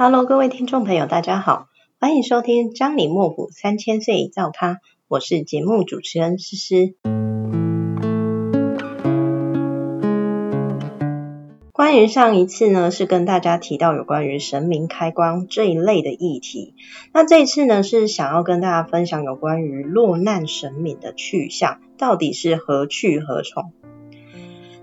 Hello，各位聽眾朋友，大家好，歡迎收聽張《張李莫府三千歲以造咖》，我是節目主持人詩詩，關於上一次呢，是跟大家提到有關於神明開光這一類的議題，那這一次呢，是想要跟大家分享有關於落難神明的去向，到底是何去何從。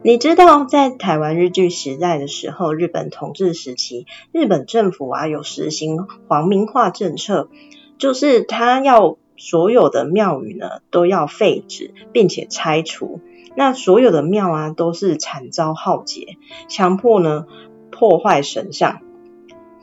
你知道，在台灣日據時代的時候，日本統治時期，日本政府啊有實行皇民化政策，就是他要所有的廟宇呢都要廢止，並且拆除，那所有的廟啊都是慘遭浩劫，強迫呢破壞神像。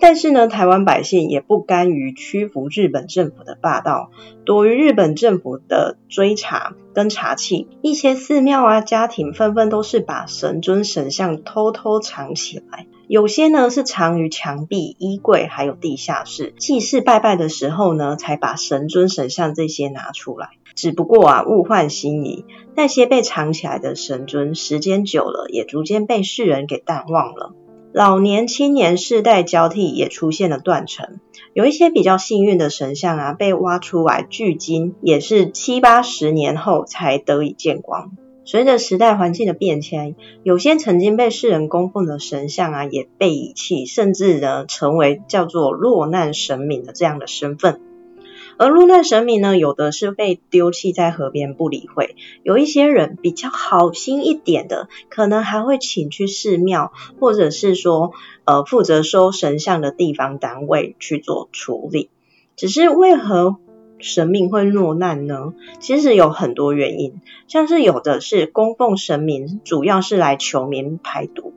但是呢，台灣百姓也不甘於屈服日本政府的霸道，躲於日本政府的追查跟查禁，一些寺廟啊、家庭紛紛都是把神尊神像偷偷藏起來，有些呢是藏於牆壁、衣櫃，還有地下室。祭祀拜拜的時候呢，才把神尊神像這些拿出來。只不過啊，物換星移，那些被藏起來的神尊，時間久了也逐漸被世人給淡忘了。老年、青年世代交替也出現了斷層，有一些比較幸運的神像啊，被挖出來，距今也是七八十年後才得以見光。隨着時代環境的變遷，有些曾經被世人供奉的神像啊，也被遺棄，甚至呢，成為叫做落難神明的這樣的身份。而落難神明呢，有的是被丟棄在河邊不理會，有一些人比較好心一點的，可能還會請去寺廟，或者是說，呃，負責收神像的地方單位去做處理。只是為何神明會落難呢？其實有很多原因，像是有的是供奉神明，主要是來求明牌賭。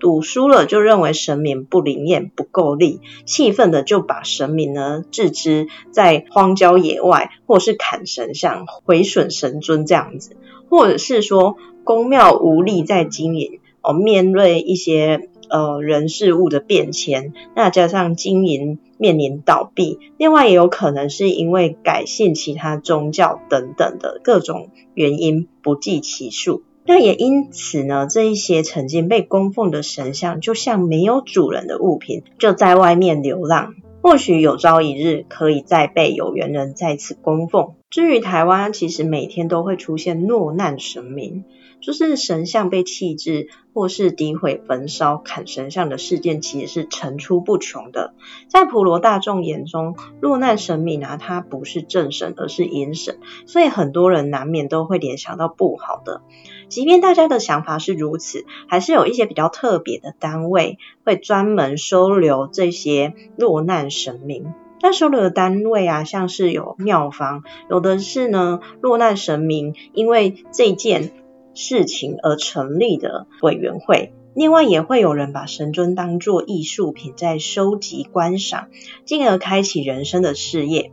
賭輸了就認為神明不靈驗不夠力，氣憤的就把神明呢置之在荒郊野外，或是砍神像毀損神尊這樣子，或者是說宮廟無力再經營哦，面對一些呃人事物的變遷，那加上經營面臨倒閉，另外也有可能是因為改信其他宗教等等的各種原因不計其數。那也因此呢，這一些曾經被供奉的神像，就像沒有主人的物品，就在外面流浪。或許有朝一日，可以再被有緣人再次供奉。至於台灣，其實每天都會出現落難神明。就是神像被棄置，或是詆毀、焚燒、砍神像的事件，其實是層出不窮的。在普羅大眾眼中，落難神明啊，它不是正神，而是陰神，所以很多人難免都會聯想到不好的。即便大家的想法是如此，還是有一些比較特別的單位會專門收留這些落難神明。但收留的單位啊，像是有廟方，有的是呢，落難神明因為這件事情而成立的委員會，另外也會有人把神尊當作藝術品在收集觀賞，進而開啟人生的事業。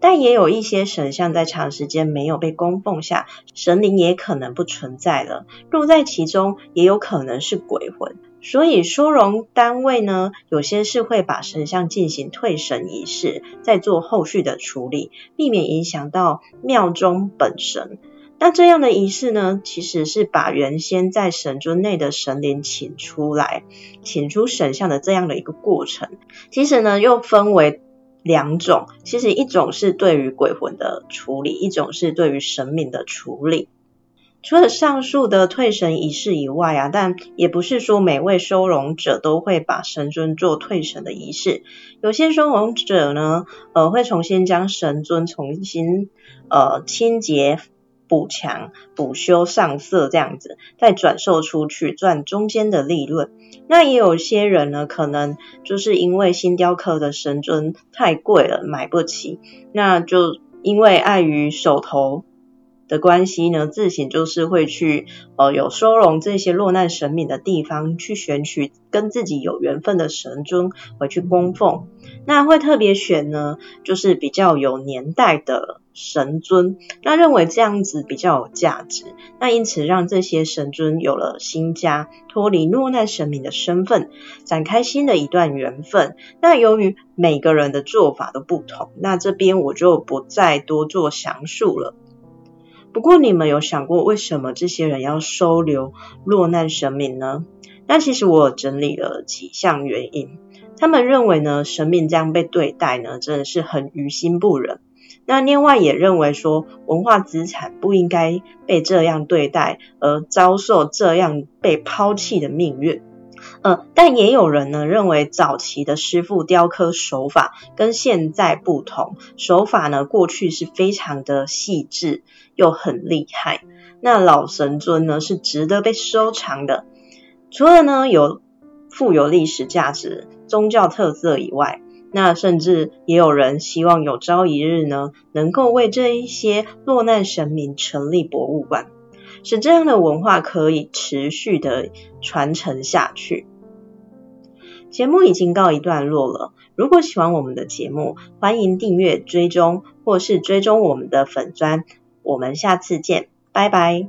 但也有一些神像在長時間沒有被供奉下，神靈也可能不存在了，入在其中也有可能是鬼魂。所以收容單位呢，有些是會把神像進行退神儀式，再做後續的處理，避免影響到廟中本神。那這樣的儀式呢，其實是把原先在神尊內的神靈請出來，請出神像的這樣的一個過程。其實呢，又分為兩種，其實一種是對於鬼魂的處理，一種是對於神明的處理。除了上述的退神儀式以外啊，但也不是說每位收容者都會把神尊做退神的儀式。有些收容者呢，呃，會重新將神尊重新呃清潔。補強、補修、上色這樣子，再轉售出去賺中間的利潤。那也有些人呢，可能就是因為新雕刻的神尊太貴了，買不起，那就因為礙於手頭。的關係呢，自行就是會去，呃、哦，有收容這些落難神明的地方，去選取跟自己有緣分的神尊回去供奉。那會特別選呢，就是比較有年代的神尊，那認為這樣子比較有價值。那因此讓這些神尊有了新家，脫離落難神明的身份，展開新的一段緣分。那由於每個人的做法都不同，那這邊我就不再多做詳述了。不過你們有想過，為什麼這些人要收留落難神明呢？那其實我有整理了幾項原因，他們認為呢，神明這樣被對待呢，真的是很於心不忍。那另外也認為說，文化資產不應該被這樣對待，而遭受這樣被拋棄的命運。呃，但也有人呢認為，早期的師傅雕刻手法跟現在不同，手法呢過去是非常的細緻又很厲害。那老神尊呢是值得被收藏的，除了呢有富有歷史價值、宗教特色以外，那甚至也有人希望有朝一日呢能夠為這一些落難神明成立博物館。使這樣的文化可以持續的傳承下去。節目已經告一段落了，如果喜歡我們的節目，歡迎訂閱追蹤或是追蹤我們的粉磚。我們下次見，拜拜。